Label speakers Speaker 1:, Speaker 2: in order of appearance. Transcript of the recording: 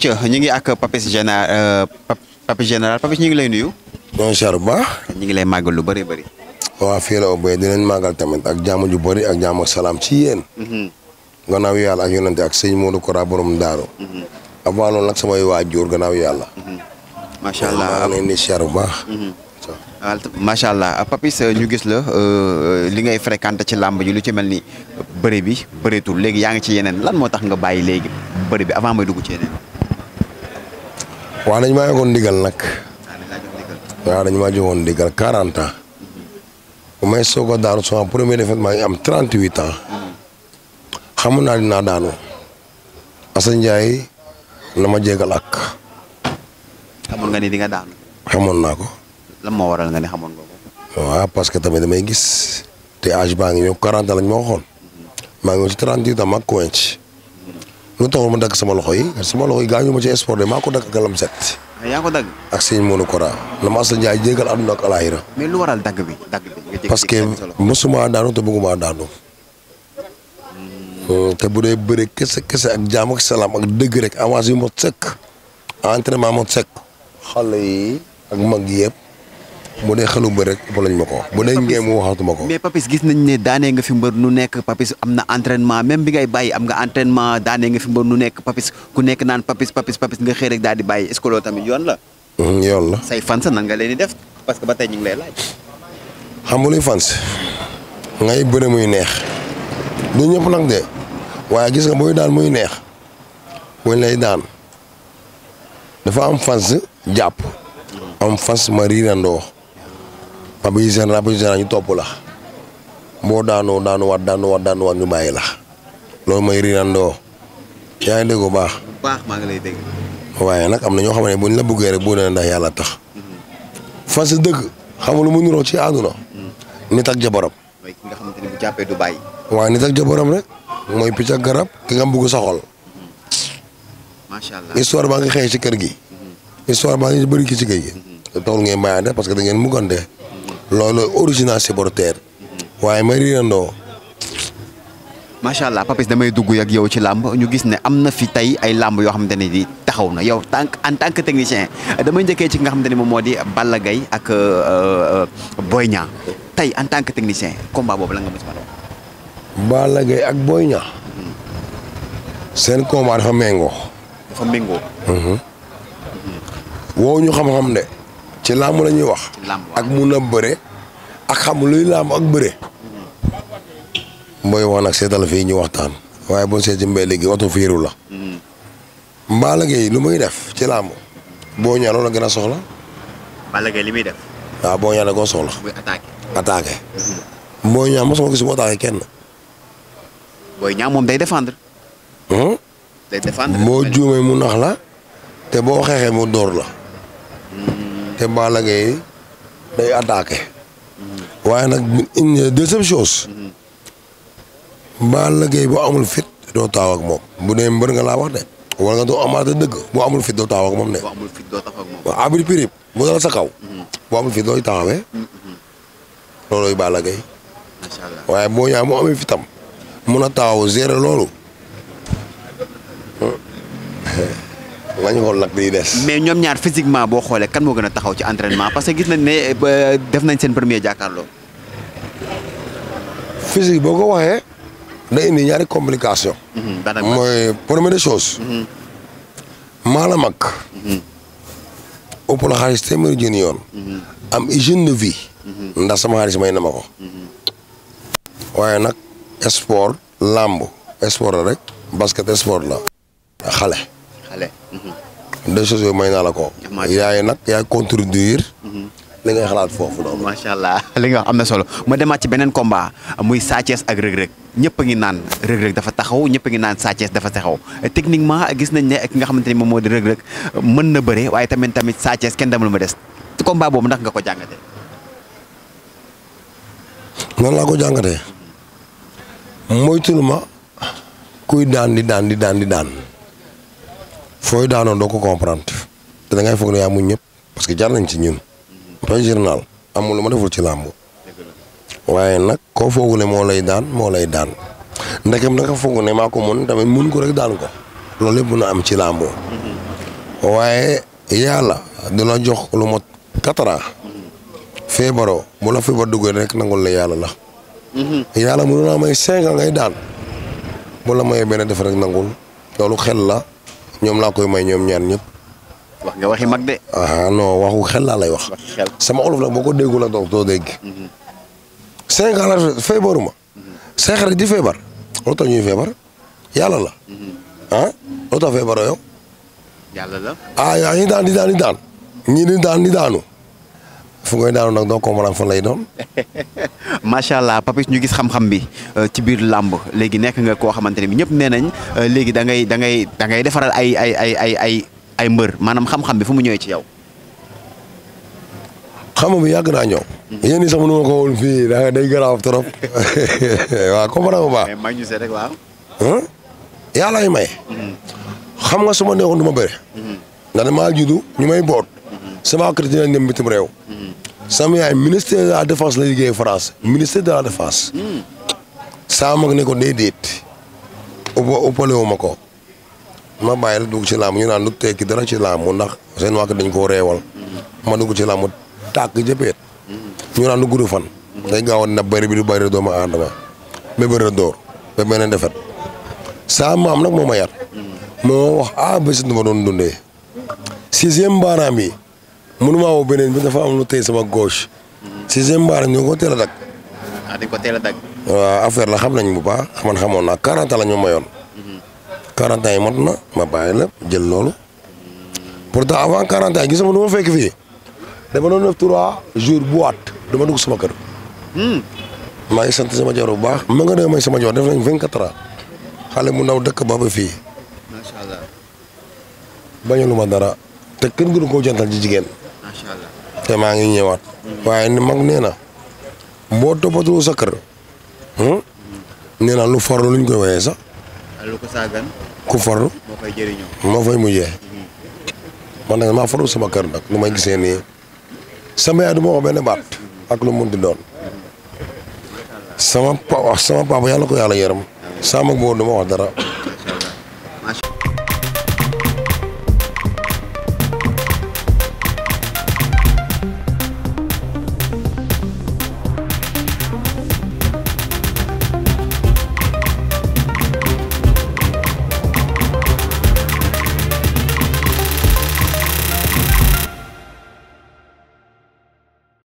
Speaker 1: Atia ñu ngi ak Papis Général euh, Papis Général
Speaker 2: Papis ñu ngi lay nuyu. bon cher bu baax. ñu ngi lay màggal lu bëri bëri. waaw fii la Obey dinañ màggal tamit ak jaamu ju bëri ak jaamu salaam ci yéen. Mm-hmm. gannaaw yàlla ak yonante ak sëñ Modou Kora borom Daaru. Mm-hmm. avant loolu nag samay waajur gannaaw yàlla. Mm-hmm. macha allah maa ngi cher bu baax. macha allah Papis ñu gis la euh, li
Speaker 1: ngay fréquenté ci làmb ji lu ci mel ni bëri bi bëreetul léegi yaa ngi ci yeneen lan moo tax nga bàyyi léegi
Speaker 2: bëri bi avant may dugg ci yeneen. waa dañ maa yokkoon ndigal nag waa dañ maa joxoon ndigal 40 ans bu may soog a daanu sama premier défaite maa ngi am 38 ans xamu naa dinaa daanu Assane Ndiaye na ma jégal ak. xamoon nga ni di nga daanu. xamoon naa ko. lan moo waral nga ni xamoon nga ko. waaw que tamit may gis te âge baa ngi ñëw 40 lañ ma waxoon maa ngi woon ci 38 ans mag ko lu taxoon ma dagg sama loxo yi sama loxo yi gaañu ma ci sport de maa ko dagg galam set. yaa ko dagg. ak sëñ Modou la ma Assane Ndiaye ak alaaxira. mais lu bi dagg bi. que mosuma daanu te bëgguma daanu. Hmm. Hmm, te bu dee bëre kese kese ak jaam ak salaam ak dëgg rek avance mot sekk. entraînement mot sekk. xale yi ak mag yëpp. mu ne xalu mbër rek boloñ ma ko mu ne ngeen mu waxatuma ko
Speaker 1: mais Papis gis nañ ne daanee nga fi mbër nu nekk Papis am na entraînement même bi ngay bàyyi am nga entraînement daanee nga fi mbër nu nekk Papis ku nekk naan Papis Papis Papis nga xëy rek daal di bàyyi est tamit yoon la hmm, yoon la say fans nan nga leen di def parce que ba tey ñu ngi lay laaj
Speaker 2: xam nga luy fans ngay bëre muy neex du ñëpp nag de waaye gis nga booy daan muy neex buñ lay daan dafa am fans jàpp am fans ma riirandoo rab yi seen rab yi ñu topp la boo daanoo daanuwaat daanuwaat daanuwaat ñu bàyyi la. loolu mooy rirandoo. yaa ngi dégg bu baax. maa ngi lay dégg. waaye nag am na ñoo xam ne buñ la bëggee rek boo nee ndax yàlla tax. fas dëgg. xam nga lu mu niroo ci àdduna. Mm-hmm. nit ak jabaram. mooy ki nga xamante ni bu jàppee du bàyyi. waaw nit ak jabaram rek. mooy picc ak garab. ki nga bëgg soxol. macha mm-hmm. allah histoire baa ngi xëy ci kër gi. Mm-hmm. histoire baa ngi bëri ki ci kër gi. te tool ngeen mayante parce que da ngeen muggante. loolu original supporter waaye ma riirandoo. macha allah Papis damay dugg ak yow ci làmb ñu gis ne am
Speaker 1: na fi tey ay làmb yoo xamante ne di taxaw na yow tant en tant que technicien damay njëkkee ci nga xamante ne moom moo di Balla gay ak euh, euh, Boy Niang tey en tant que technicien combat boobu la nga
Speaker 2: ak Boy Niang. seen combat dafa méngoo. dafa méngoo. Mhm. woo ñu xam-xam de. ci làmb la ñuy wax. ak mun a bëre. ak xam luy làmb ak bëre. mooy wax nag seetal fii ñu waxtaan. waaye boo ñu seet ci mbéy léegi waxtu fiiru la. Hmm. Balla muy def ci làmb. boo ñaanoo gën a soxla.
Speaker 1: Balla Gaye li muy def.
Speaker 2: waaw boo ñaanee koo soxla. muy attaqué. attaqué. Hmm. boo kenn. booy ñaan moom day défendre. Hmm? day défendre boo juumee mu nax la te boo xeexee mu dóor la. te Balla day attaqué. waaye nag une deuxième chose. Balla boo amul fit doo taaw ak moom bu dee mbër nga laa wax de. wala nga doo amaat dëgg boo amul fit doo taaw moom de. boo amul fit doo taaw sa kaw. Mm-hmm. boo amul fit dooy taawee. Mm-hmm. loolooy Balla waaye boo ñaa mu amee fitam mun a taaw gérer loolu. nañ xool nag liy des. mais ñoom ñaar physiquement boo xoolee kan moo gën a taxaw
Speaker 1: ci entraînement parce que gis nañ euh, def nañ seen premier jàkkaarloo.
Speaker 2: physique boo ko waxee. da indi ñaari complication mhm, mooy première chose. Mhm. maa la mag. Mhm. ëpp la xaalis téeméeri junni yoon. am hygiène de vie. ndax sama xaalis may na ko. waaye nag sport. làmb sport la rek basket sport la. xale.
Speaker 1: de mm-hmm.
Speaker 2: deux choses yooyu may naa la ko. yaay nag yaay contribuer. Mm-hmm. li nga xalaat foofu noonu. macha allah li wax am na solo ma demaat ci beneen combat
Speaker 1: muy Sa Thiès ak Reug ngi naan Reug dafa taxaw ñëpp a ngi dafa taxaw techniquement gis nañ ne ki nga xamante ni moom moo di Reug mën na bëre waaye tamit tamit Sa Thiès kenn demul ma des combat boobu ndax ko jàngatee.
Speaker 2: noonu laa ko jàngatee. moytul ma kuy daan di daan di daan di daan. fooy daanoon doo ko comprendre te da ngay foog ne yaa muñ ñëpp parce que jar nañ ci ñun. pas journal amul lu ma deful ci làmb. waaye nag koo foogu ne moo lay daan moo lay daan ndekam da nga foog ne maa ko mën tamit mun ko rek daan ko loolu lépp mën a am ci làmb. waaye yàlla dina jox lu mot quatre la feebar duggee rek nangul la yàlla la. yàlla mënu naa may cinq ans ngay daan bu la mayee benn def rek nangul loolu xel la. ñoom laa koy may ñoom ñaar ñëpp. wax nga waxi mag de. ah non waxu xel laa lay wax. sama olof nag boo ko déggul ak doo dégg. Mhm. cinq feebaruma. say mhm. xarit di feebar. lu tax ñuy feebar yàlla la. Mhm. ah lu tax feebaroo la. ah yaa ngi daan di daan di daan ñii di daanu. fu ngay daanu nag doo comprendre fan lay doon. macha allah Papis ñu gis
Speaker 1: xam-xam bi euh, ci biir làmb léegi nekk nga koo xamante ne bi ñëpp nee nañ euh, léegi dangay ngay da ngay ay ay ay ay ay ay mbër maanaam xam-xam bi fu mu ñëwee ci yow.
Speaker 2: xam-xam bi yàgg naa ñëw. Hmm. yéen ñi sax mënu ma ko woon fii da day garaaw trop waaw may rek waaw. Hmm? yàlla hmm. xam nga suma ma neexoon du ma bëri. juddu ñu may boot. sama kër dinañ dem bitim réew. sama yaay ministre de la défense la liggéey France ministre de la défense. saa mag ne ko déedéet. upa wu ma ko. ma bàyyi la dugg ci làmb ñu naan lu tekki dara ci làmb ndax seen wàkk dañ koo reewal. ma dugg ci làmb tàkk jëpeet. ñu naan lu gudd fan. day gaaw a na bëri bi du bëri doomu aadama. ba bëri door ba beneen defet saa maam nag moo ma yar. moo wax ah bés ma doon dundee. sixième baaraam yi. mënumaa woo beneen bi dafa am lu tey sama gauche. sixième mbaar ñoo ko teel a dagg. ah ko teel affaire la xam nañ bu baax man xamoon naa 40 la ñoo mayoon. 40 yi mot na ma bàyyi la jël loolu. pourtant avant 40 ans gisuma nu ma fekk fii dama doon def trois jours boîte dama dugg sama kër. Hmm. maa ngi sant sama joor bu baax. ma nga may sama joor def nañ 24 ans xale mu ndaw dëkk ba fii. macha allah. dara te kenn gënu ko jantal ci jigéen. macha allah te maa ngi ñëwaat. waaye ni mag nee na boo toppatoo sa kër. Hmm, nee na lu farlu luñ koy woyee sax. lu ku farlu. moo fay jëriñoo moo fay mujjee. Hmm. man nag maa farlu sama kër nag lu may gisee nii sama yaay du ma wax baat ak lu mu munti doon. Hmm. sama pa sama papa yàlla ko yàlla yaram. sama mag boobu du ma dara.